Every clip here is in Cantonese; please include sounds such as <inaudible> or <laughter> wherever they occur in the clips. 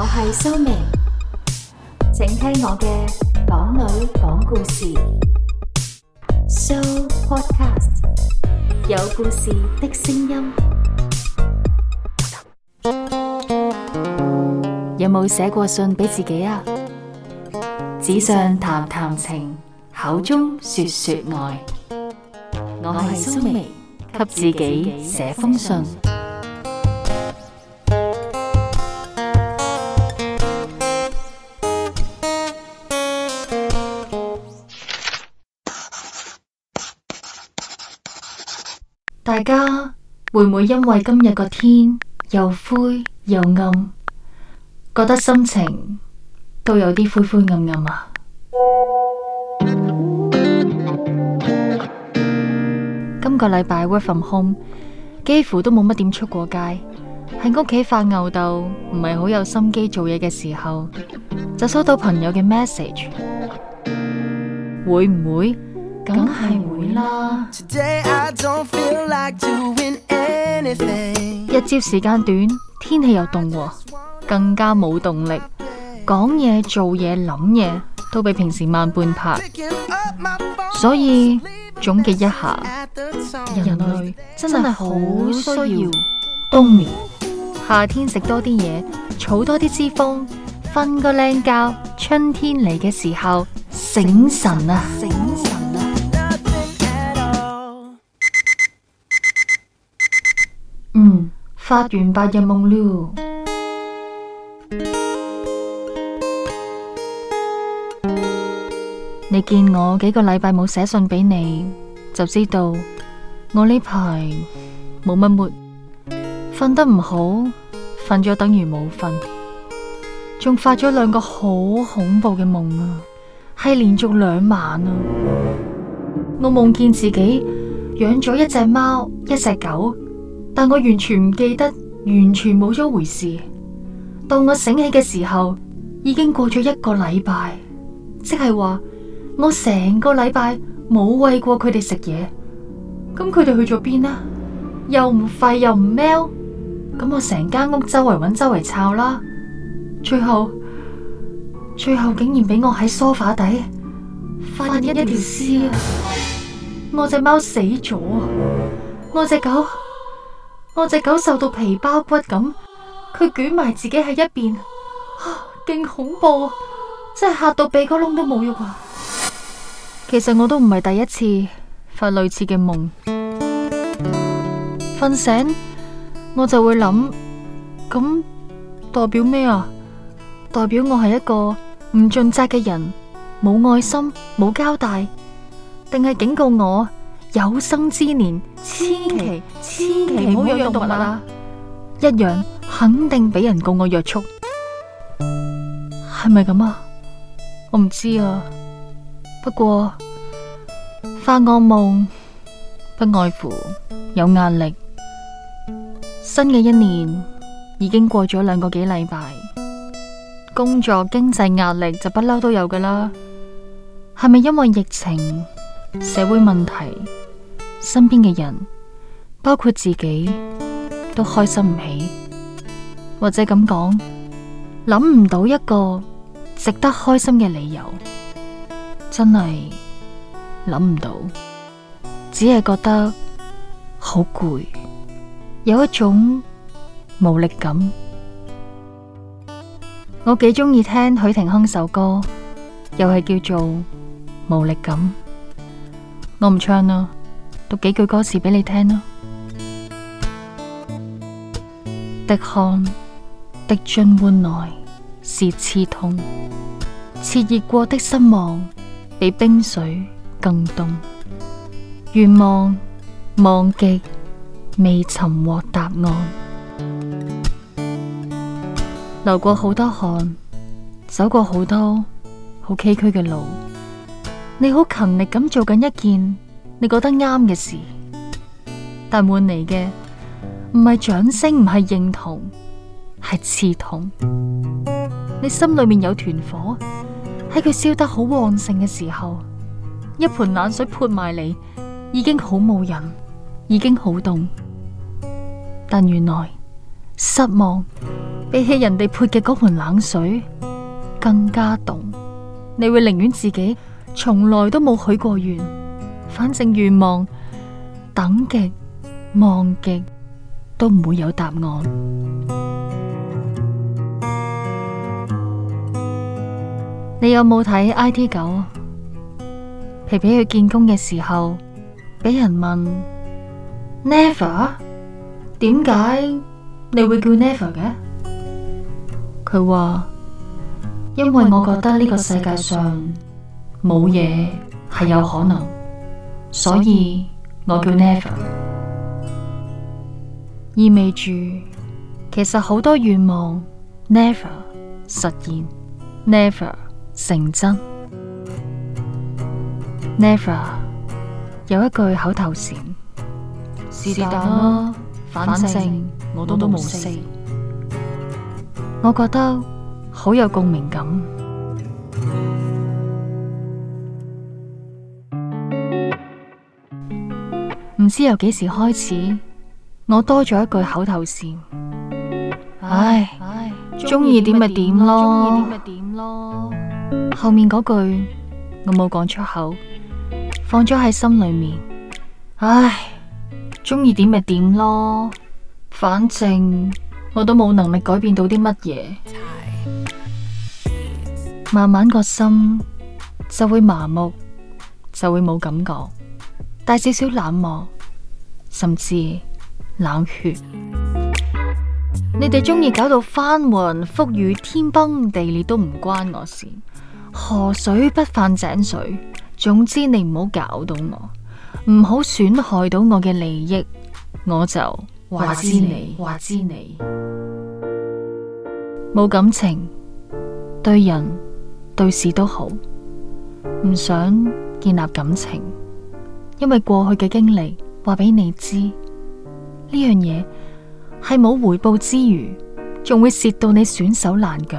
我係蘇明，請聽我嘅港女講故事。So Podcast 有故事的聲音。有冇寫過信俾自己啊？紙上談談情，口中說說愛。我係蘇明，給自己寫封信。大家會唔會因為今日個天又灰又暗，覺得心情都有啲灰灰暗暗啊？今個禮拜 work from home，幾乎都冇乜點出過街，喺屋企發吽斗，唔係好有心機做嘢嘅時候，就收到朋友嘅 message，會唔會？梗係會啦。日照時間短，天氣又凍啊，更加冇動力，講嘢、做嘢、諗嘢都比平時慢半拍。所以總結一下，人類真係好需要冬眠。夏天食多啲嘢，儲多啲脂肪，瞓個靚覺，春天嚟嘅時候醒神啊！醒神醒神發完白日夢了，你見我幾個禮拜冇寫信俾你，就知道我呢排冇乜末，瞓得唔好，瞓咗等於冇瞓，仲發咗兩個好恐怖嘅夢啊，係連續兩晚啊，我夢見自己養咗一隻貓，一隻狗。但我完全唔記得，完全冇咗回事。到我醒起嘅時候，已經過咗一個禮拜，即係話我成個禮拜冇餵過佢哋食嘢。咁佢哋去咗邊啊？又唔吠又唔喵。咁我成間屋周圍搵周圍巢啦。最後，最後竟然俾我喺梳化底發現一條屍啊！我隻貓死咗，我隻狗。我隻狗瘦到皮包骨咁，佢捲埋自己喺一邊，啊，勁恐怖啊！真係嚇到鼻哥窿都冇肉啊！其實我都唔係第一次發類似嘅夢，瞓醒我就會諗，咁代表咩啊？代表我係一個唔盡責嘅人，冇愛心，冇交代，定係警告我？有生之年，千祈千祈唔好養動物啦！一養肯定俾人告我約束，係咪咁啊？我唔知啊。不過發個夢不外乎有壓力。新嘅一年已經過咗兩個幾禮拜，工作經濟壓力就不嬲都有噶啦。係咪 <noise> 因為疫情？社會問題，身邊嘅人，包括自己，都開心唔起，或者咁講，諗唔到一個值得開心嘅理由，真係諗唔到，只係覺得好攰，有一種無力感。我幾中意聽許廷鏗首歌，又係叫做《無力感》。我唔唱啦，讀幾句歌詞俾你聽啦。滴汗滴進碗內是刺痛，熾熱過的失望比冰水更凍。願望忘記，未尋獲答案。流過好多汗，走過好多好崎嶇嘅路。你好勤力咁做緊一件你覺得啱嘅事，但換嚟嘅唔係掌聲，唔係認同，係刺痛。你心裏面有團火，喺佢燒得好旺盛嘅時候，一盆冷水潑埋嚟，已經好冇癮，已經好凍。但原來失望比起人哋潑嘅嗰盆冷水更加凍，你會寧願自己。從來都冇許過願，反正願望、等極、望極都唔會有答案。 <music> 你有冇睇 I T 九？皮皮去見工嘅時候，俾人問 Never，點解你會叫 Never 嘅？佢話 <music> 因為我覺得呢個世界上。冇嘢係有可能，所以我叫 never，我叫 never 意味住其實好多願望 never 實現，never 成真，never 有一句口頭禪，是但啦，反正，反正我都冇事。」我覺得好有共鳴感。唔知由幾時開始，我多咗一句口頭禪，唉，中意點咪點咯，咯後面嗰句我冇講出口，放咗喺心裏面，唉，中意點咪點咯，反正我都冇能力改變到啲乜嘢， <noise> <noise> 慢慢個心就會麻木，就會冇感覺，帶少少冷漠。甚至冷血， <noise> 你哋中意搞到翻雲覆雨、天崩地裂都唔關我事。河水不犯井水，總之你唔好搞到我，唔好損害到我嘅利益，我就話知你，你。話知你冇感情，對人對事都好，唔想建立感情，因為過去嘅經歷。話俾你知，呢樣嘢係冇回報之餘，仲會蝕到你損手爛腳。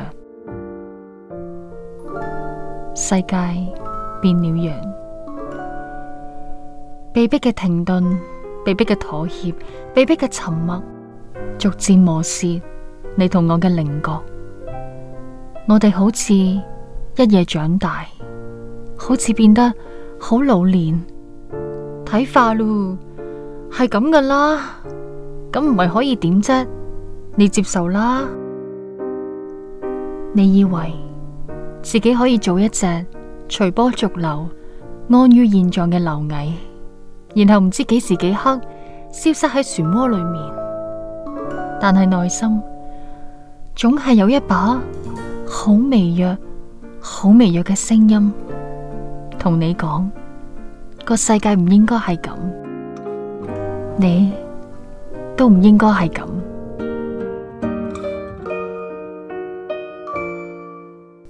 世界變了樣，被逼嘅停頓，被逼嘅妥協，被逼嘅沉默，逐漸磨蝕你同我嘅稜角。我哋好似一夜長大，好似變得好老練，睇化咯～係咁噶啦，咁唔係可以點啫？你接受啦。你以為自己可以做一隻隨波逐流、安於現狀嘅螻蟻，然後唔知幾時幾刻消失喺漩渦裏面，但係內心總係有一把好微弱、好微弱嘅聲音同你講：個世界唔應該係咁。你都唔應該係咁。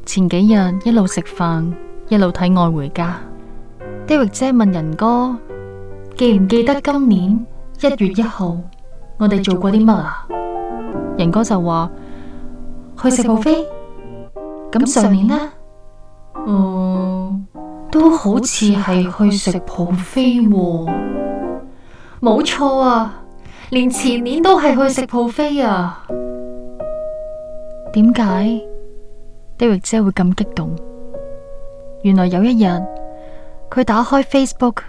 前幾日，一路食飯，一路睇愛回家。啲玉姐問仁哥：記唔記得今年一月一號我哋做過啲乜啊？仁哥就話去食 buffet，咁上年呢？哦、嗯，都好似係去食 buffet 喎。冇錯啊，連前年都係去食泡 u f f e t 啊。點解？d 域姐會咁激動？原來有一日，佢打開 Facebook，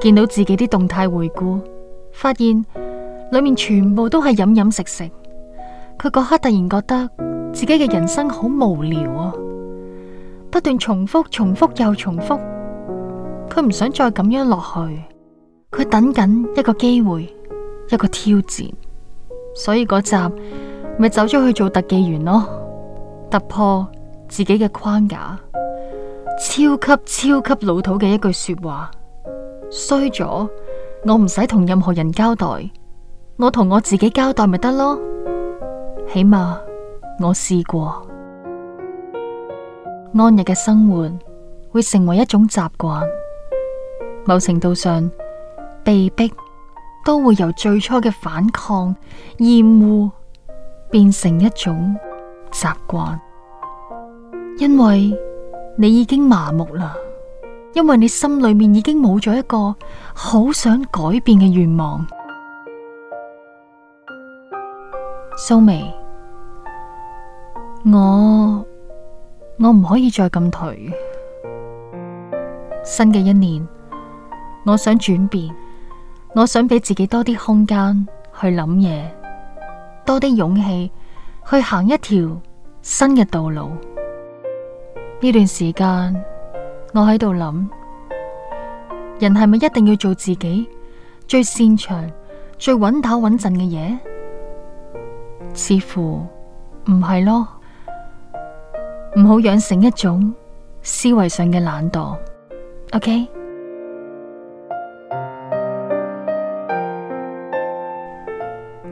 見到自己啲動態回顧，發現裏面全部都係飲飲食食。佢嗰刻突然覺得自己嘅人生好無聊啊，不斷重複、重複又重複，佢唔想再咁樣落去。佢等緊一個機會，一個挑戰，所以嗰集咪走咗去做特技員咯，突破自己嘅框架。超級超級老土嘅一句說話，衰咗我唔使同任何人交代，我同我自己交代咪得咯，起碼我試過。安逸嘅生活會成為一種習慣，某程度上。被逼都會由最初嘅反抗、厭惡變成一種習慣，因為你已經麻木啦，因為你心裏面已經冇咗一個好想改變嘅願望。蘇眉，我我唔可以再咁頹，新嘅一年，我想轉變。我想俾自己多啲空間去諗嘢，多啲勇氣去行一條新嘅道路。呢段時間我喺度諗，人係咪一定要做自己最擅長、最穩打穩陣嘅嘢？似乎唔係咯。唔好養成一種思維上嘅懶惰。OK。